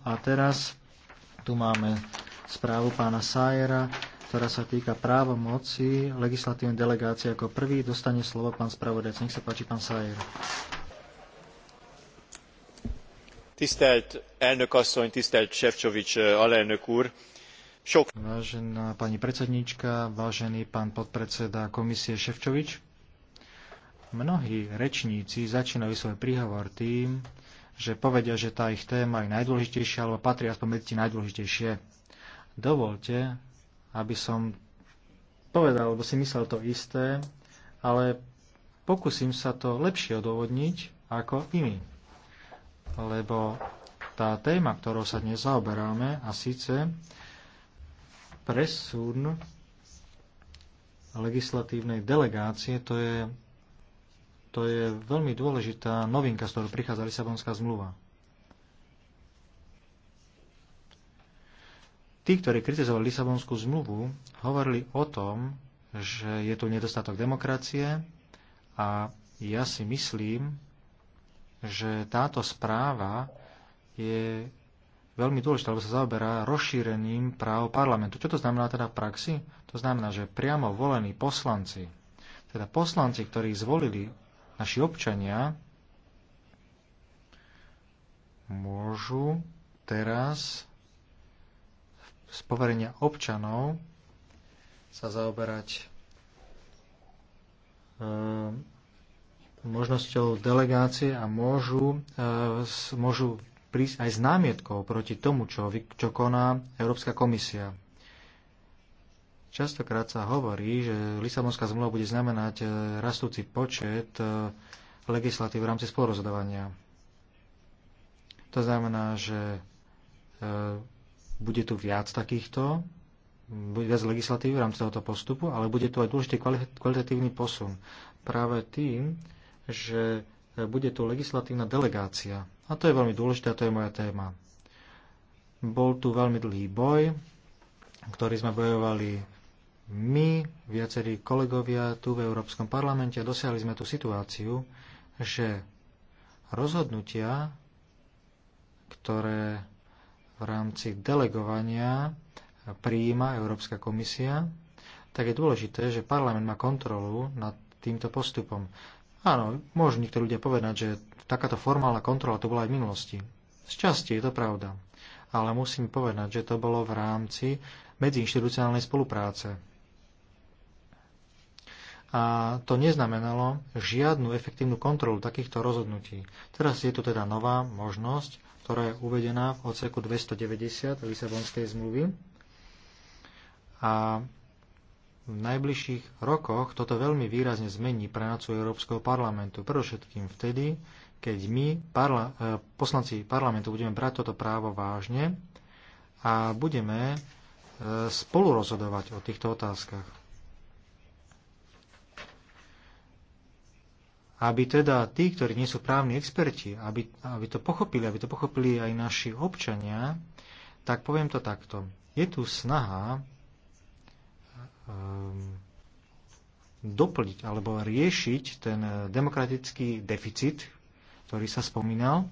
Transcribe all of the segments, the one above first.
A teraz tu máme správu pána Sajera, ktorá sa týka práva moci, legislatívnej delegácie ako prvý. Dostane slovo pán spravodajca. Nech sa páči, pán Sajer. Tisztelt elnök asszony, tisztelt Ševčovič eh, alelnök úr. Sok... Vážená pani predsednička, vážený pán podpredseda komisie Ševčovič. Mnohí rečníci začínajú svoj príhovor tým, že povedia, že tá ich téma je najdôležitejšia, alebo patrí aspoň medzi najdôležitejšie. Dovolte, aby som povedal, lebo si myslel to isté, ale pokúsim sa to lepšie odôvodniť ako iní. Lebo tá téma, ktorou sa dnes zaoberáme, a síce presun legislatívnej delegácie, to je to je veľmi dôležitá novinka, z ktorou prichádza Lisabonská zmluva. Tí, ktorí kritizovali Lisabonskú zmluvu, hovorili o tom, že je tu nedostatok demokracie a ja si myslím, že táto správa je veľmi dôležitá, lebo sa zaoberá rozšírením práv parlamentu. Čo to znamená teda v praxi? To znamená, že priamo volení poslanci, teda poslanci, ktorí zvolili naši občania môžu teraz z poverenia občanov sa zaoberať e, možnosťou delegácie a môžu, e, s, môžu prísť aj s námietkou proti tomu, čo, čo koná Európska komisia. Častokrát sa hovorí, že Lisabonská zmluva bude znamenať e, rastúci počet e, legislatív v rámci spolurozhodovania. To znamená, že e, bude tu viac takýchto, bude viac legislatívy v rámci tohoto postupu, ale bude tu aj dôležitý kvalitatívny posun. Práve tým, že bude tu legislatívna delegácia. A to je veľmi dôležité a to je moja téma. Bol tu veľmi dlhý boj, ktorý sme bojovali my, viacerí kolegovia tu v Európskom parlamente, dosiahli sme tú situáciu, že rozhodnutia, ktoré v rámci delegovania prijíma Európska komisia, tak je dôležité, že parlament má kontrolu nad týmto postupom. Áno, môžu niektorí ľudia povedať, že takáto formálna kontrola to bola aj v minulosti. Z časti je to pravda, ale musím povedať, že to bolo v rámci medziinštitucionálnej spolupráce a to neznamenalo žiadnu efektívnu kontrolu takýchto rozhodnutí. Teraz je tu teda nová možnosť, ktorá je uvedená v odseku 290 Lisabonskej zmluvy a v najbližších rokoch toto veľmi výrazne zmení prácu Európskeho parlamentu. Predovšetkým vtedy, keď my, parla, e, poslanci parlamentu, budeme brať toto právo vážne a budeme e, spolurozhodovať o týchto otázkach. aby teda tí, ktorí nie sú právni experti, aby, aby to pochopili, aby to pochopili aj naši občania, tak poviem to takto. Je tu snaha um, doplniť alebo riešiť ten demokratický deficit, ktorý sa spomínal,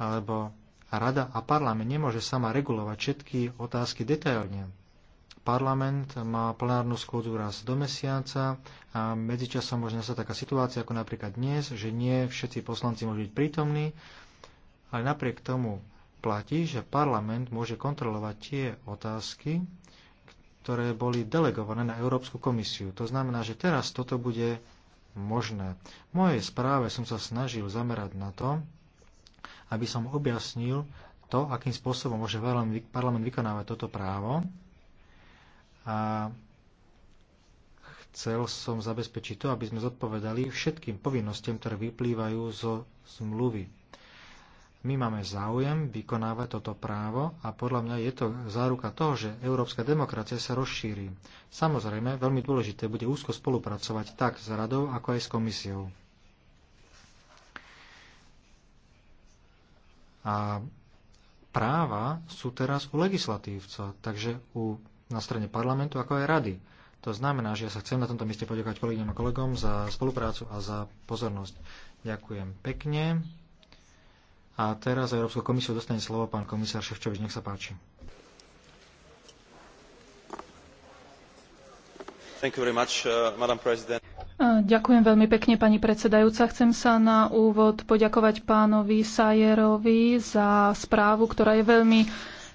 alebo rada a parlament nemôže sama regulovať všetky otázky detailne parlament má plenárnu schôdzu raz do mesiaca a medzičasom možno sa taká situácia ako napríklad dnes, že nie všetci poslanci môžu byť prítomní, ale napriek tomu platí, že parlament môže kontrolovať tie otázky, ktoré boli delegované na Európsku komisiu. To znamená, že teraz toto bude možné. V mojej správe som sa snažil zamerať na to, aby som objasnil to, akým spôsobom môže parlament vykonávať toto právo a chcel som zabezpečiť to, aby sme zodpovedali všetkým povinnostiam, ktoré vyplývajú zo zmluvy. My máme záujem vykonávať toto právo a podľa mňa je to záruka toho, že európska demokracia sa rozšíri. Samozrejme, veľmi dôležité bude úzko spolupracovať tak s radou, ako aj s komisiou. A práva sú teraz u legislatívca, takže u na strane parlamentu, ako aj rady. To znamená, že ja sa chcem na tomto mieste poďakovať kolegyňom a kolegom za spoluprácu a za pozornosť. Ďakujem pekne. A teraz za Európsku komisiu dostane slovo pán komisár Ševčovič. Nech sa páči. Much, uh, Ďakujem veľmi pekne, pani predsedajúca. Chcem sa na úvod poďakovať pánovi Sajerovi za správu, ktorá je veľmi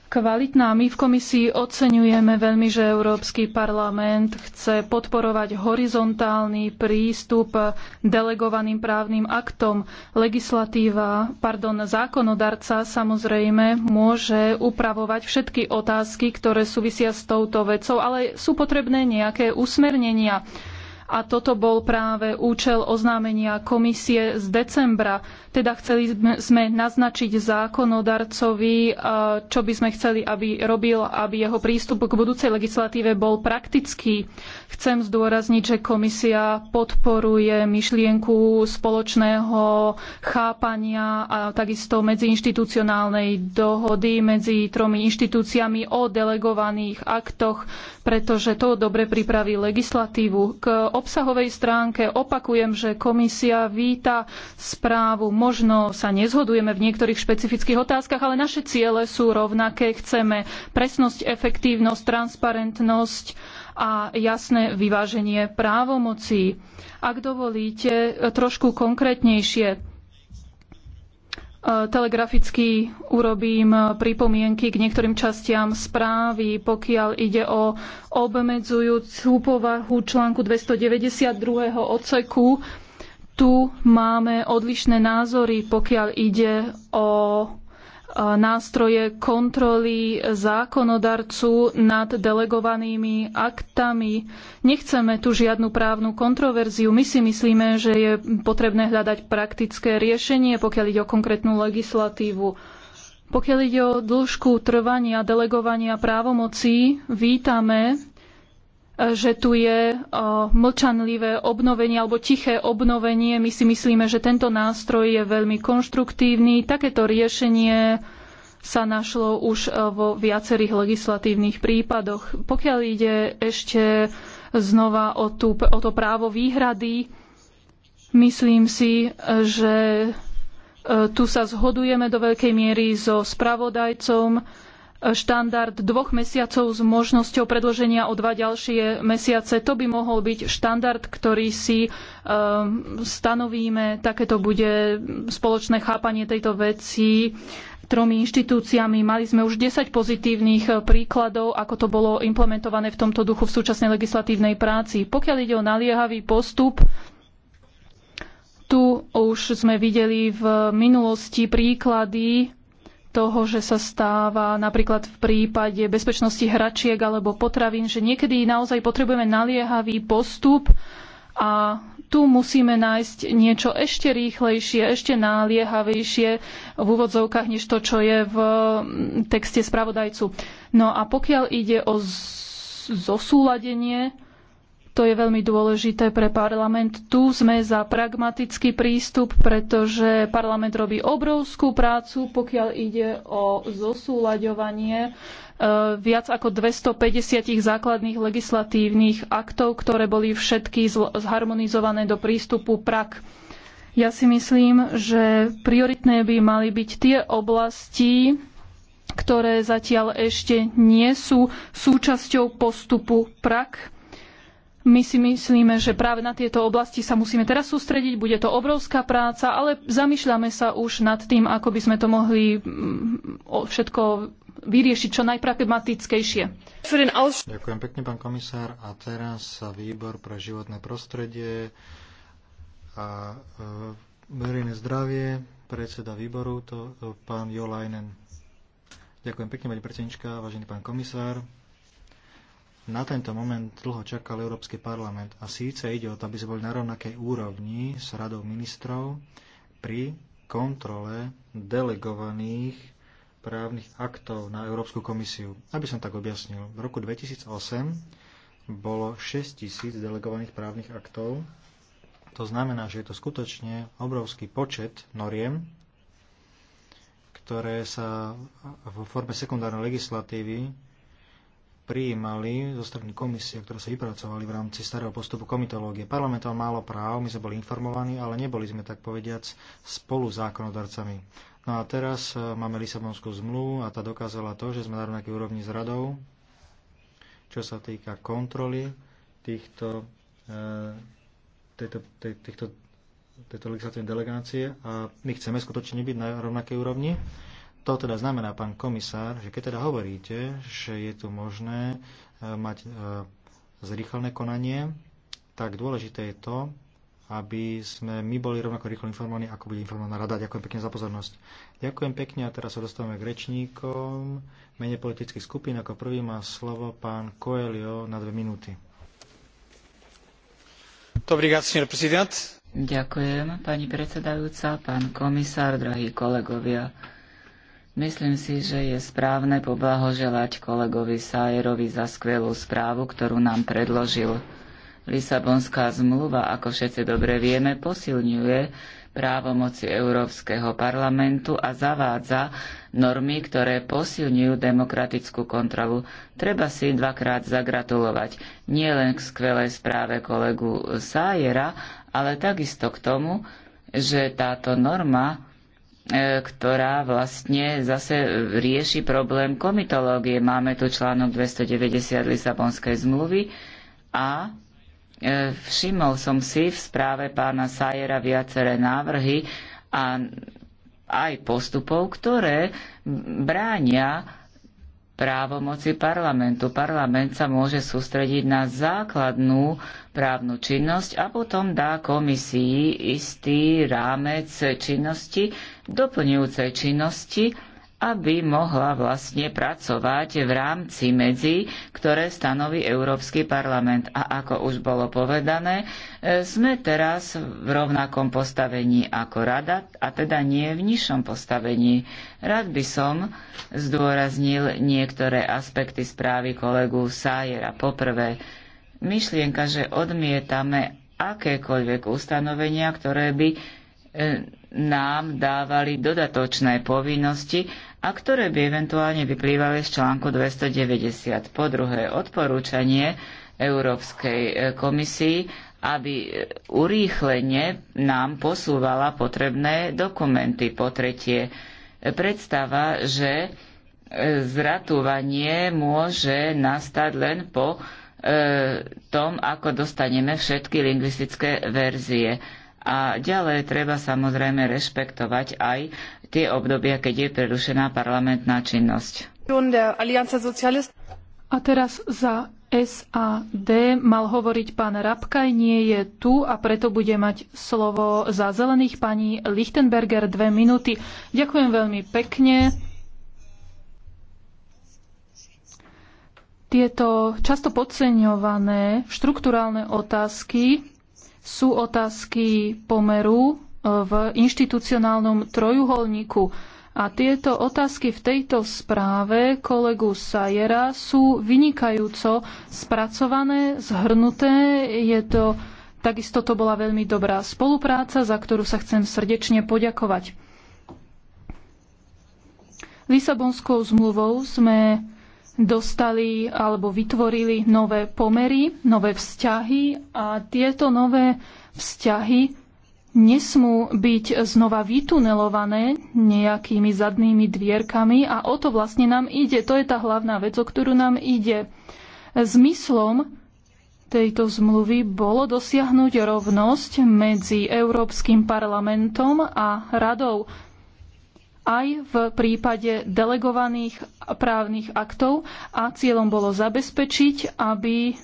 kvalitná. My v komisii oceňujeme veľmi, že Európsky parlament chce podporovať horizontálny prístup delegovaným právnym aktom. Legislatíva, pardon, zákonodarca samozrejme môže upravovať všetky otázky, ktoré súvisia s touto vecou, ale sú potrebné nejaké usmernenia. A toto bol práve účel oznámenia komisie z decembra. Teda chceli sme naznačiť zákonodarcovi, e, čo by sme chceli, aby robil, aby jeho prístup k budúcej legislatíve bol praktický. Chcem zdôrazniť, že komisia podporuje myšlienku spoločného chápania a takisto medziinštitucionálnej dohody medzi tromi inštitúciami o delegovaných aktoch, pretože to dobre pripraví legislatívu. K obsahovej stránke opakujem, že komisia víta správu. Možno sa nezhodujeme v niektorých špecifických otázkach, ale naše ciele sú rovnaké. Chceme presnosť, efektívnosť, transparentnosť a jasné vyváženie právomocí. Ak dovolíte, trošku konkrétnejšie. E, telegraficky urobím e, pripomienky k niektorým častiam správy, pokiaľ ide o obmedzujúcu povahu článku 292. odseku. Tu máme odlišné názory, pokiaľ ide o nástroje kontroly zákonodarcu nad delegovanými aktami. Nechceme tu žiadnu právnu kontroverziu. My si myslíme, že je potrebné hľadať praktické riešenie, pokiaľ ide o konkrétnu legislatívu. Pokiaľ ide o dĺžku trvania delegovania právomocí, vítame že tu je mlčanlivé obnovenie alebo tiché obnovenie. My si myslíme, že tento nástroj je veľmi konštruktívny. Takéto riešenie sa našlo už vo viacerých legislatívnych prípadoch. Pokiaľ ide ešte znova o, tú, o to právo výhrady, myslím si, že tu sa zhodujeme do veľkej miery so spravodajcom štandard dvoch mesiacov s možnosťou predloženia o dva ďalšie mesiace. To by mohol byť štandard, ktorý si eh, stanovíme. Takéto bude spoločné chápanie tejto veci tromi inštitúciami. Mali sme už 10 pozitívnych eh, príkladov, ako to bolo implementované v tomto duchu v súčasnej legislatívnej práci. Pokiaľ ide o naliehavý postup, tu už sme videli v minulosti príklady toho, že sa stáva napríklad v prípade bezpečnosti hračiek alebo potravín, že niekedy naozaj potrebujeme naliehavý postup a tu musíme nájsť niečo ešte rýchlejšie, ešte naliehavejšie v úvodzovkách, než to, čo je v mm, texte spravodajcu. No a pokiaľ ide o zosúladenie, to je veľmi dôležité pre parlament. Tu sme za pragmatický prístup, pretože parlament robí obrovskú prácu, pokiaľ ide o zosúľaďovanie e, viac ako 250 základných legislatívnych aktov, ktoré boli všetky zharmonizované do prístupu PRAK. Ja si myslím, že prioritné by mali byť tie oblasti, ktoré zatiaľ ešte nie sú súčasťou postupu PRAK my si myslíme, že práve na tieto oblasti sa musíme teraz sústrediť, bude to obrovská práca, ale zamýšľame sa už nad tým, ako by sme to mohli mm, všetko vyriešiť čo najpragmatickejšie. Ďakujem pekne, pán komisár. A teraz sa výbor pre životné prostredie a e, verejné zdravie, predseda výboru, to e, pán Jolajnen. Ďakujem pekne, pani predsednička, vážený pán komisár na tento moment dlho čakal Európsky parlament. A síce ide o to, aby sme boli na rovnakej úrovni s radou ministrov pri kontrole delegovaných právnych aktov na Európsku komisiu. Aby som tak objasnil, v roku 2008 bolo 6 tisíc delegovaných právnych aktov. To znamená, že je to skutočne obrovský počet noriem, ktoré sa vo forme sekundárnej legislatívy prijímali zo strany komisie, ktoré sa vypracovali v rámci starého postupu komitológie. Parlament mal málo práv, my sme boli informovaní, ale neboli sme tak povediac spolu zákonodarcami. No a teraz e, máme Lisabonskú zmluvu a tá dokázala to, že sme na rovnakej úrovni s radou, čo sa týka kontroly týchto, e, tejto, týchto, tejto legislatívnej delegácie a my chceme skutočne byť na rovnakej úrovni. To teda znamená, pán komisár, že keď teda hovoríte, že je tu možné e, mať e, zrýchlené konanie, tak dôležité je to, aby sme my boli rovnako rýchlo informovaní, ako bude informovaná rada. Ďakujem pekne za pozornosť. Ďakujem pekne a teraz sa dostávame k rečníkom. Mene politických skupín ako prvý má slovo pán Coelho na dve minúty. Dobrý deň, prezident. Ďakujem, pani predsedajúca, pán komisár, drahí kolegovia. Myslím si, že je správne poblahoželať kolegovi Sajerovi za skvelú správu, ktorú nám predložil. Lisabonská zmluva, ako všetci dobre vieme, posilňuje právomoci Európskeho parlamentu a zavádza normy, ktoré posilňujú demokratickú kontrolu. Treba si dvakrát zagratulovať nie len k skvelej správe kolegu Sájera, ale takisto k tomu, že táto norma E, ktorá vlastne zase rieši problém komitológie. Máme tu článok 290 Lisabonskej zmluvy a e, všimol som si v správe pána Sajera viaceré návrhy a aj postupov, ktoré bránia právomoci parlamentu. Parlament sa môže sústrediť na základnú právnu činnosť a potom dá komisii istý rámec činnosti, doplňujúcej činnosti, aby mohla vlastne pracovať v rámci medzi, ktoré stanoví Európsky parlament. A ako už bolo povedané, e, sme teraz v rovnakom postavení ako rada, a teda nie v nižšom postavení. Rád by som zdôraznil niektoré aspekty správy kolegu Sájera. Poprvé, myšlienka, že odmietame akékoľvek ustanovenia, ktoré by e, nám dávali dodatočné povinnosti a ktoré by eventuálne vyplývali z článku 290. Po druhé, odporúčanie Európskej e, komisii, aby e, urýchlenie nám posúvala potrebné dokumenty. Po tretie, e, predstava, že zratúvanie môže nastať len po e, tom, ako dostaneme všetky lingvistické verzie. A ďalej treba samozrejme rešpektovať aj tie obdobia, keď je prerušená parlamentná činnosť. A teraz za SAD mal hovoriť pán Rabkaj, nie je tu a preto bude mať slovo za zelených pani Lichtenberger dve minúty. Ďakujem veľmi pekne. Tieto často podceňované štruktúrálne otázky sú otázky pomeru v inštitucionálnom trojuholníku. A tieto otázky v tejto správe kolegu Sajera sú vynikajúco spracované, zhrnuté. Je to, takisto to bola veľmi dobrá spolupráca, za ktorú sa chcem srdečne poďakovať. Lisabonskou zmluvou sme dostali alebo vytvorili nové pomery, nové vzťahy a tieto nové vzťahy nesmú byť znova vytunelované nejakými zadnými dvierkami a o to vlastne nám ide. To je tá hlavná vec, o ktorú nám ide. Zmyslom tejto zmluvy bolo dosiahnuť rovnosť medzi Európskym parlamentom a radou aj v prípade delegovaných právnych aktov a cieľom bolo zabezpečiť, aby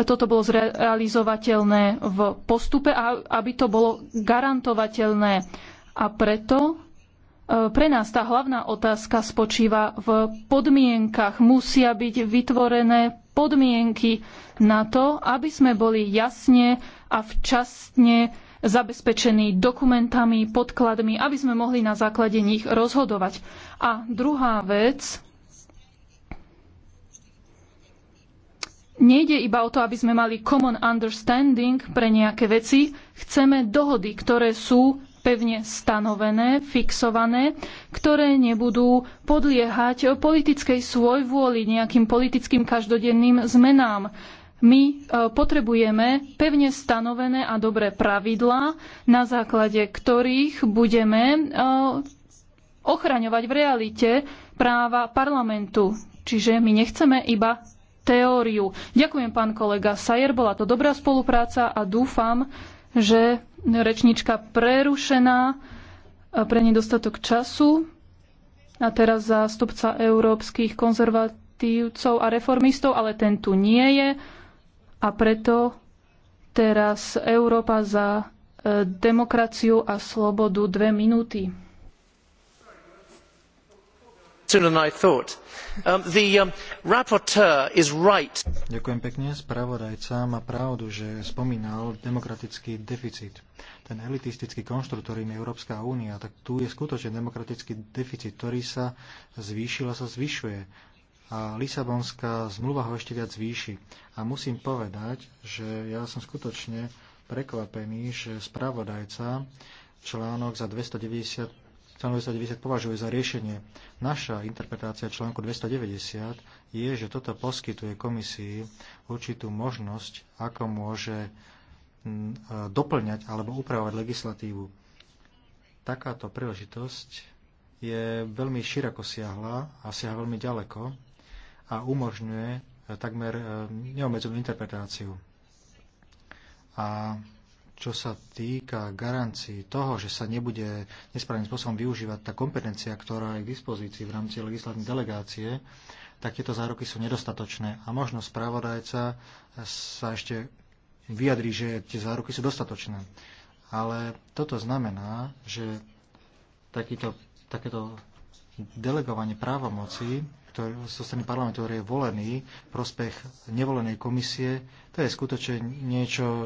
toto bolo zrealizovateľné v postupe a aby to bolo garantovateľné. A preto e, pre nás tá hlavná otázka spočíva v podmienkach. Musia byť vytvorené podmienky na to, aby sme boli jasne a včasne zabezpečení dokumentami, podkladmi, aby sme mohli na základe nich rozhodovať. A druhá vec, Nejde iba o to, aby sme mali common understanding pre nejaké veci. Chceme dohody, ktoré sú pevne stanovené, fixované, ktoré nebudú podliehať politickej svojvôli, nejakým politickým každodenným zmenám. My e, potrebujeme pevne stanovené a dobré pravidlá, na základe ktorých budeme e, ochraňovať v realite práva parlamentu. Čiže my nechceme iba teóriu. Ďakujem, pán kolega Sajer, bola to dobrá spolupráca a dúfam, že rečnička prerušená e, pre nedostatok času a teraz zástupca európskych konzervatívcov a reformistov, ale ten tu nie je a preto teraz Európa za e, demokraciu a slobodu dve minúty sooner than I thought. Um, the um, rapporteur is right. Ďakujem pekne. Spravodajca má pravdu, že spomínal demokratický deficit. Ten elitistický konštrukt, ktorým je Európska únia, tak tu je skutočne demokratický deficit, ktorý sa zvýšil a sa zvyšuje a Lisabonská zmluva ho ešte viac zvýši. A musím povedať, že ja som skutočne prekvapený, že spravodajca článok za 290 článok 290 považuje za riešenie. Naša interpretácia článku 290 je, že toto poskytuje komisii určitú možnosť, ako môže e, doplňať alebo upravovať legislatívu. Takáto príležitosť je veľmi široko siahla a siaha veľmi ďaleko a umožňuje e, takmer e, neobmedzenú interpretáciu. A čo sa týka garancií toho, že sa nebude nesprávnym spôsobom využívať tá kompetencia, ktorá je k dispozícii v rámci legislatívnej delegácie, tak tieto zároky sú nedostatočné. A možno spravodajca sa ešte vyjadrí, že tie záruky sú dostatočné. Ale toto znamená, že takýto, takéto delegovanie právomocí ktorý, zo strany parlamentu, ktorý je volený, prospech nevolenej komisie, to je skutočne niečo,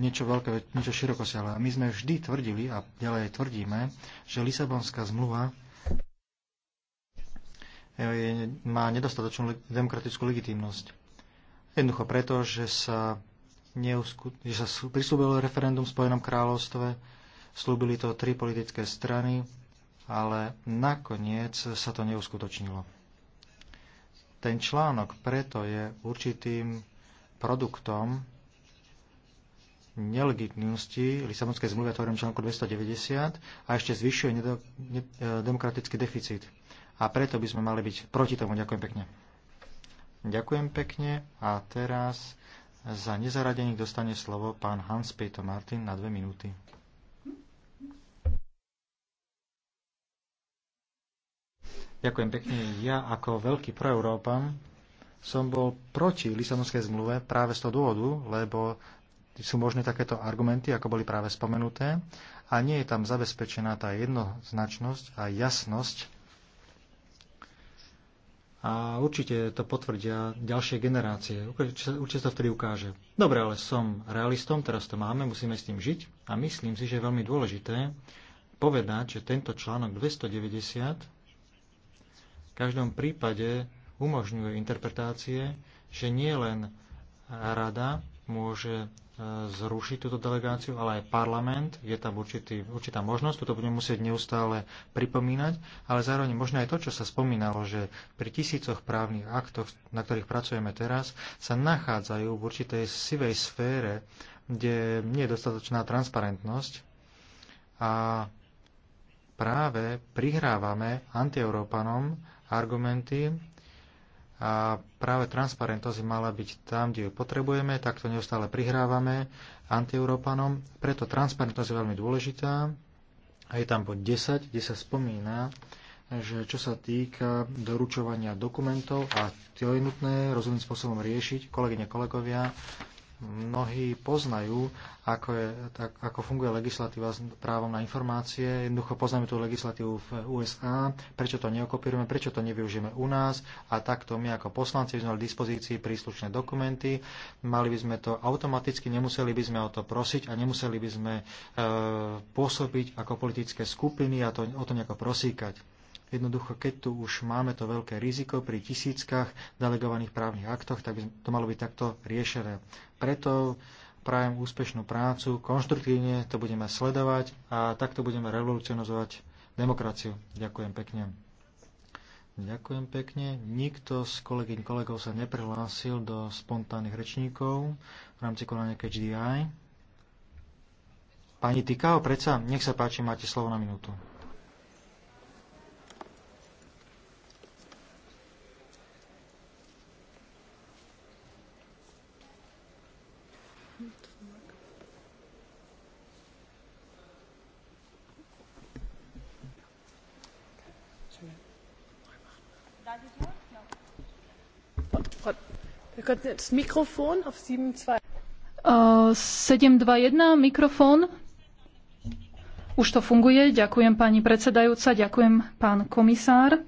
niečo veľké, niečo širokosiahle. A my sme vždy tvrdili a ďalej tvrdíme, že Lisabonská zmluva e, je, má nedostatočnú demokratickú legitimnosť. Jednoducho preto, že sa, neusku, že sa prislúbilo referendum v Spojenom kráľovstve, slúbili to tri politické strany, ale nakoniec sa to neuskutočnilo. Ten článok preto je určitým produktom nelegitnosti Lisabonskej zmluvy, hovorím článku 290, a ešte zvyšuje ne- e, demokratický deficit. A preto by sme mali byť proti tomu. Ďakujem pekne. Ďakujem pekne a teraz za nezaradených dostane slovo pán Hans Peter Martin na dve minúty. Ďakujem pekne. Ja ako veľký proeurópan som bol proti Lisabonskej zmluve práve z toho dôvodu, lebo sú možné takéto argumenty, ako boli práve spomenuté, a nie je tam zabezpečená tá jednoznačnosť a jasnosť. A určite to potvrdia ďalšie generácie. Určite sa to vtedy ukáže. Dobre, ale som realistom, teraz to máme, musíme s tým žiť a myslím si, že je veľmi dôležité povedať, že tento článok 290 každom prípade umožňuje interpretácie, že nie len rada môže e, zrušiť túto delegáciu, ale aj parlament, je tam určitý, určitá možnosť, toto budeme musieť neustále pripomínať, ale zároveň možno aj to, čo sa spomínalo, že pri tisícoch právnych aktoch, na ktorých pracujeme teraz, sa nachádzajú v určitej sivej sfére, kde nie je dostatočná transparentnosť a práve prihrávame antieurópanom argumenty a práve transparentnosť mala byť tam, kde ju potrebujeme, tak to neustále prihrávame antieurópanom. Preto transparentnosť je veľmi dôležitá a je tam bod 10, kde sa spomína, že čo sa týka doručovania dokumentov a to je nutné rozumným spôsobom riešiť, kolegyne, kolegovia, mnohí poznajú, ako, je, tak, ako funguje legislatíva s právom na informácie. Jednoducho poznáme tú legislatívu v USA, prečo to neokopírujeme, prečo to nevyužijeme u nás a takto my ako poslanci sme mali dispozícii príslušné dokumenty, mali by sme to automaticky, nemuseli by sme o to prosiť a nemuseli by sme e, pôsobiť ako politické skupiny a to, o to nejako prosíkať. Jednoducho, keď tu už máme to veľké riziko pri tisíckach delegovaných právnych aktoch, tak by to malo byť takto riešené. Preto prajem úspešnú prácu, konštruktívne to budeme sledovať a takto budeme revolucionizovať demokraciu. Ďakujem pekne. Ďakujem pekne. Nikto z kolegyň kolegov sa neprihlásil do spontánnych rečníkov v rámci konania HDI. Pani Tikao, predsa, nech sa páči, máte slovo na minútu. 721. mikrofón. Už to funguje. Ďakujem pani predsedajúca, ďakujem pán komisár.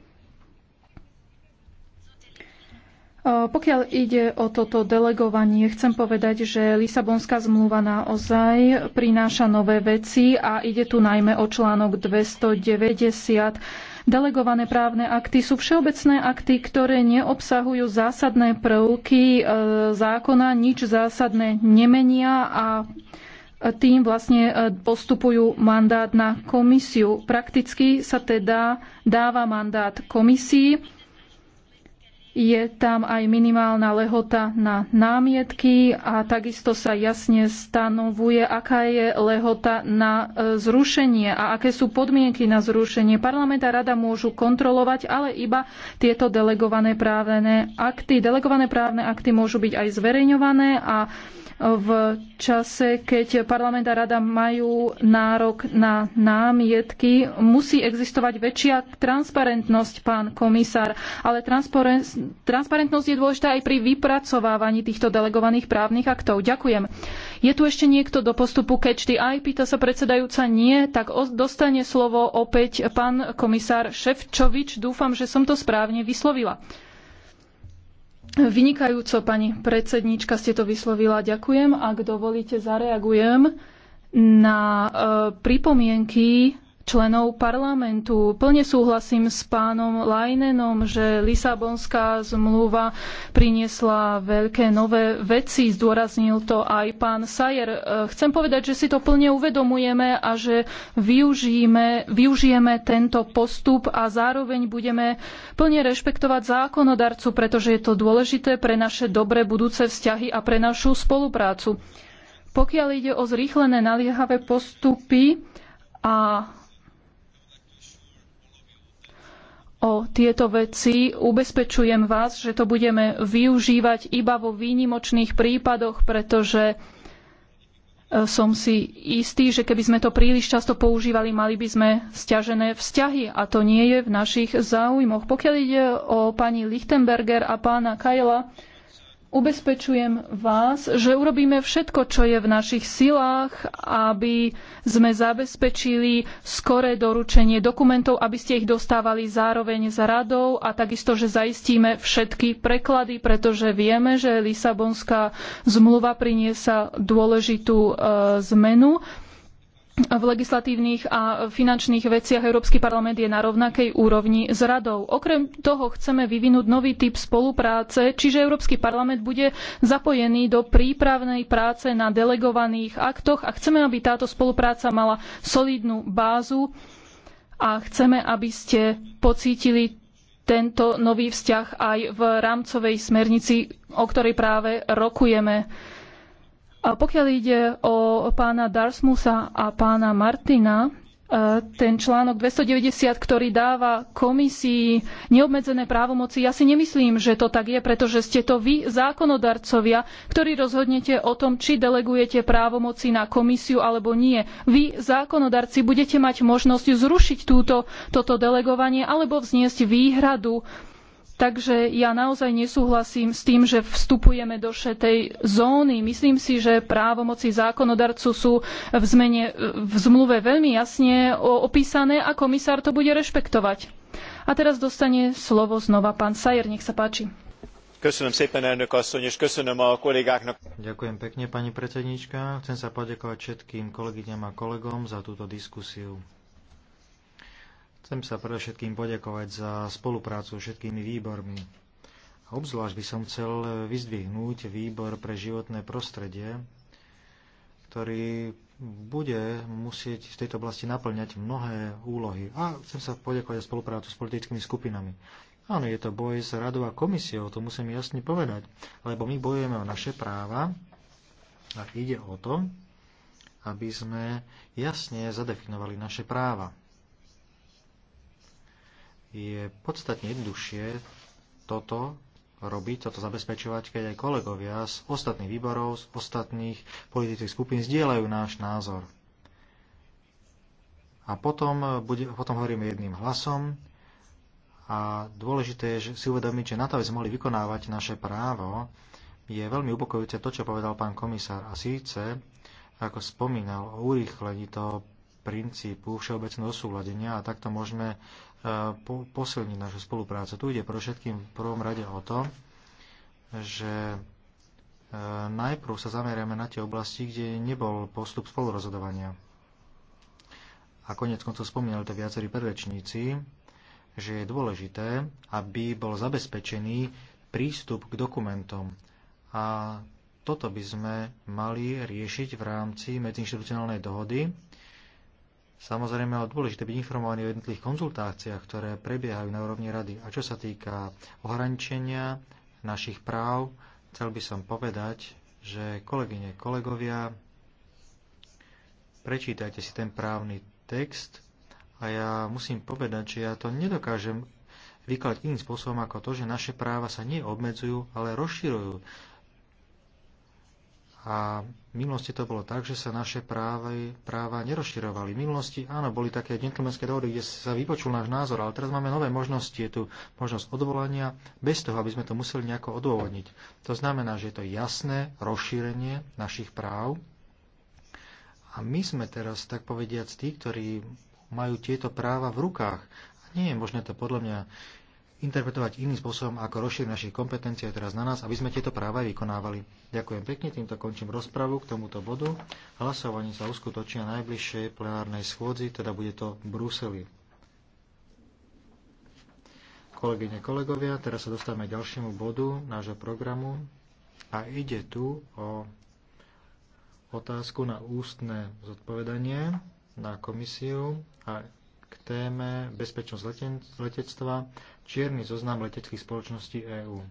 pokiaľ ide o toto delegovanie, chcem povedať, že Lisabonská zmluva naozaj prináša nové veci a ide tu najmä o článok 290 Delegované právne akty sú všeobecné akty, ktoré neobsahujú zásadné prvky e, zákona, nič zásadné nemenia a tým vlastne e, postupujú mandát na komisiu. Prakticky sa teda dáva mandát komisii je tam aj minimálna lehota na námietky a takisto sa jasne stanovuje, aká je lehota na e, zrušenie a aké sú podmienky na zrušenie. Parlament a rada môžu kontrolovať, ale iba tieto delegované právne akty. Delegované právne akty môžu byť aj zverejňované a e, v čase, keď parlament a rada majú nárok na námietky, musí existovať väčšia transparentnosť, pán komisár, ale transparentnosť transparentnosť je dôležitá aj pri vypracovávaní týchto delegovaných právnych aktov. Ďakujem. Je tu ešte niekto do postupu Catch the Eye? Pýta sa predsedajúca nie, tak dostane slovo opäť pán komisár Ševčovič. Dúfam, že som to správne vyslovila. Vynikajúco, pani predsedníčka, ste to vyslovila. Ďakujem. Ak dovolíte, zareagujem na e, pripomienky členov parlamentu. Plne súhlasím s pánom Lajnenom, že Lisabonská zmluva priniesla veľké nové veci, zdôraznil to aj pán Sajer. E, chcem povedať, že si to plne uvedomujeme a že využijeme, využijeme tento postup a zároveň budeme plne rešpektovať zákonodarcu, pretože je to dôležité pre naše dobré budúce vzťahy a pre našu spoluprácu. Pokiaľ ide o zrýchlené naliehavé postupy a o tieto veci. Ubezpečujem vás, že to budeme využívať iba vo výnimočných prípadoch, pretože e, som si istý, že keby sme to príliš často používali, mali by sme stiažené vzťahy a to nie je v našich záujmoch. Pokiaľ ide o pani Lichtenberger a pána Kajla, Ubezpečujem vás, že urobíme všetko, čo je v našich silách, aby sme zabezpečili skoré doručenie dokumentov, aby ste ich dostávali zároveň s radou a takisto, že zaistíme všetky preklady, pretože vieme, že Lisabonská zmluva priniesa dôležitú e, zmenu v legislatívnych a finančných veciach Európsky parlament je na rovnakej úrovni s radou. Okrem toho chceme vyvinúť nový typ spolupráce, čiže Európsky parlament bude zapojený do prípravnej práce na delegovaných aktoch a chceme, aby táto spolupráca mala solidnú bázu a chceme, aby ste pocítili tento nový vzťah aj v rámcovej smernici, o ktorej práve rokujeme. A pokiaľ ide o pána Darsmusa a pána Martina, e, ten článok 290, ktorý dáva komisii neobmedzené právomoci. Ja si nemyslím, že to tak je, pretože ste to vy, zákonodarcovia, ktorí rozhodnete o tom, či delegujete právomoci na komisiu alebo nie. Vy, zákonodarci, budete mať možnosť zrušiť túto, toto delegovanie alebo vzniesť výhradu Takže ja naozaj nesúhlasím s tým, že vstupujeme do šetej zóny. Myslím si, že právomoci zákonodarcu sú v, zmene, v zmluve veľmi jasne opísané a komisár to bude rešpektovať. A teraz dostane slovo znova pán Sajer. Nech sa páči. Ďakujem pekne, pani predsednička. Chcem sa poďakovať všetkým kolegyňam a kolegom za túto diskusiu. Chcem sa predovšetkým poďakovať za spoluprácu všetkými výbormi. Obzvlášť by som chcel vyzdvihnúť výbor pre životné prostredie, ktorý bude musieť v tejto oblasti naplňať mnohé úlohy. A chcem sa poďakovať za spoluprácu s politickými skupinami. Áno, je to boj s radou a komisiou, to musím jasne povedať, lebo my bojujeme o naše práva a ide o to, aby sme jasne zadefinovali naše práva je podstatne jednoduchšie toto robiť, toto zabezpečovať, keď aj kolegovia z ostatných výborov, z ostatných politických skupín zdieľajú náš názor. A potom, bude, potom hovoríme jedným hlasom a dôležité je že si uvedomiť, že na to, aby sme mohli vykonávať naše právo, je veľmi upokojujúce to, čo povedal pán komisár. A síce, ako spomínal, o urýchlení toho princípu všeobecného súladenia a takto môžeme posilniť našu spoluprácu. Tu ide pro všetkým v prvom rade o to, že e, najprv sa zameriame na tie oblasti, kde nebol postup spolurozhodovania. A konec koncov spomínali to viacerí predrečníci, že je dôležité, aby bol zabezpečený prístup k dokumentom. A toto by sme mali riešiť v rámci medziinstitucionálnej dohody, Samozrejme, ale dôležité byť informovaný o jednotlivých konzultáciách, ktoré prebiehajú na úrovni rady. A čo sa týka ohraničenia našich práv, chcel by som povedať, že kolegyne, kolegovia, prečítajte si ten právny text a ja musím povedať, že ja to nedokážem vykladať iným spôsobom ako to, že naše práva sa neobmedzujú, ale rozširujú. A v minulosti to bolo tak, že sa naše práva, práva nerozširovali. V minulosti áno, boli také gentlemanské dohody, kde sa vypočul náš názor, ale teraz máme nové možnosti. Je tu možnosť odvolania bez toho, aby sme to museli nejako odôvodniť. To znamená, že je to jasné rozšírenie našich práv. A my sme teraz, tak povediac, tí, ktorí majú tieto práva v rukách. A nie je možné to podľa mňa interpretovať iným spôsobom, ako rozšíriť naše kompetencie teraz na nás, aby sme tieto práva vykonávali. Ďakujem pekne, týmto končím rozpravu k tomuto bodu. Hlasovanie sa uskutočí na najbližšej plenárnej schôdzi, teda bude to v Bruseli. Kolegyne, kolegovia, teraz sa dostávame k ďalšiemu bodu nášho programu a ide tu o otázku na ústne zodpovedanie na komisiu a k téme bezpečnosť letectva čierny zoznam leteckých spoločností EÚ.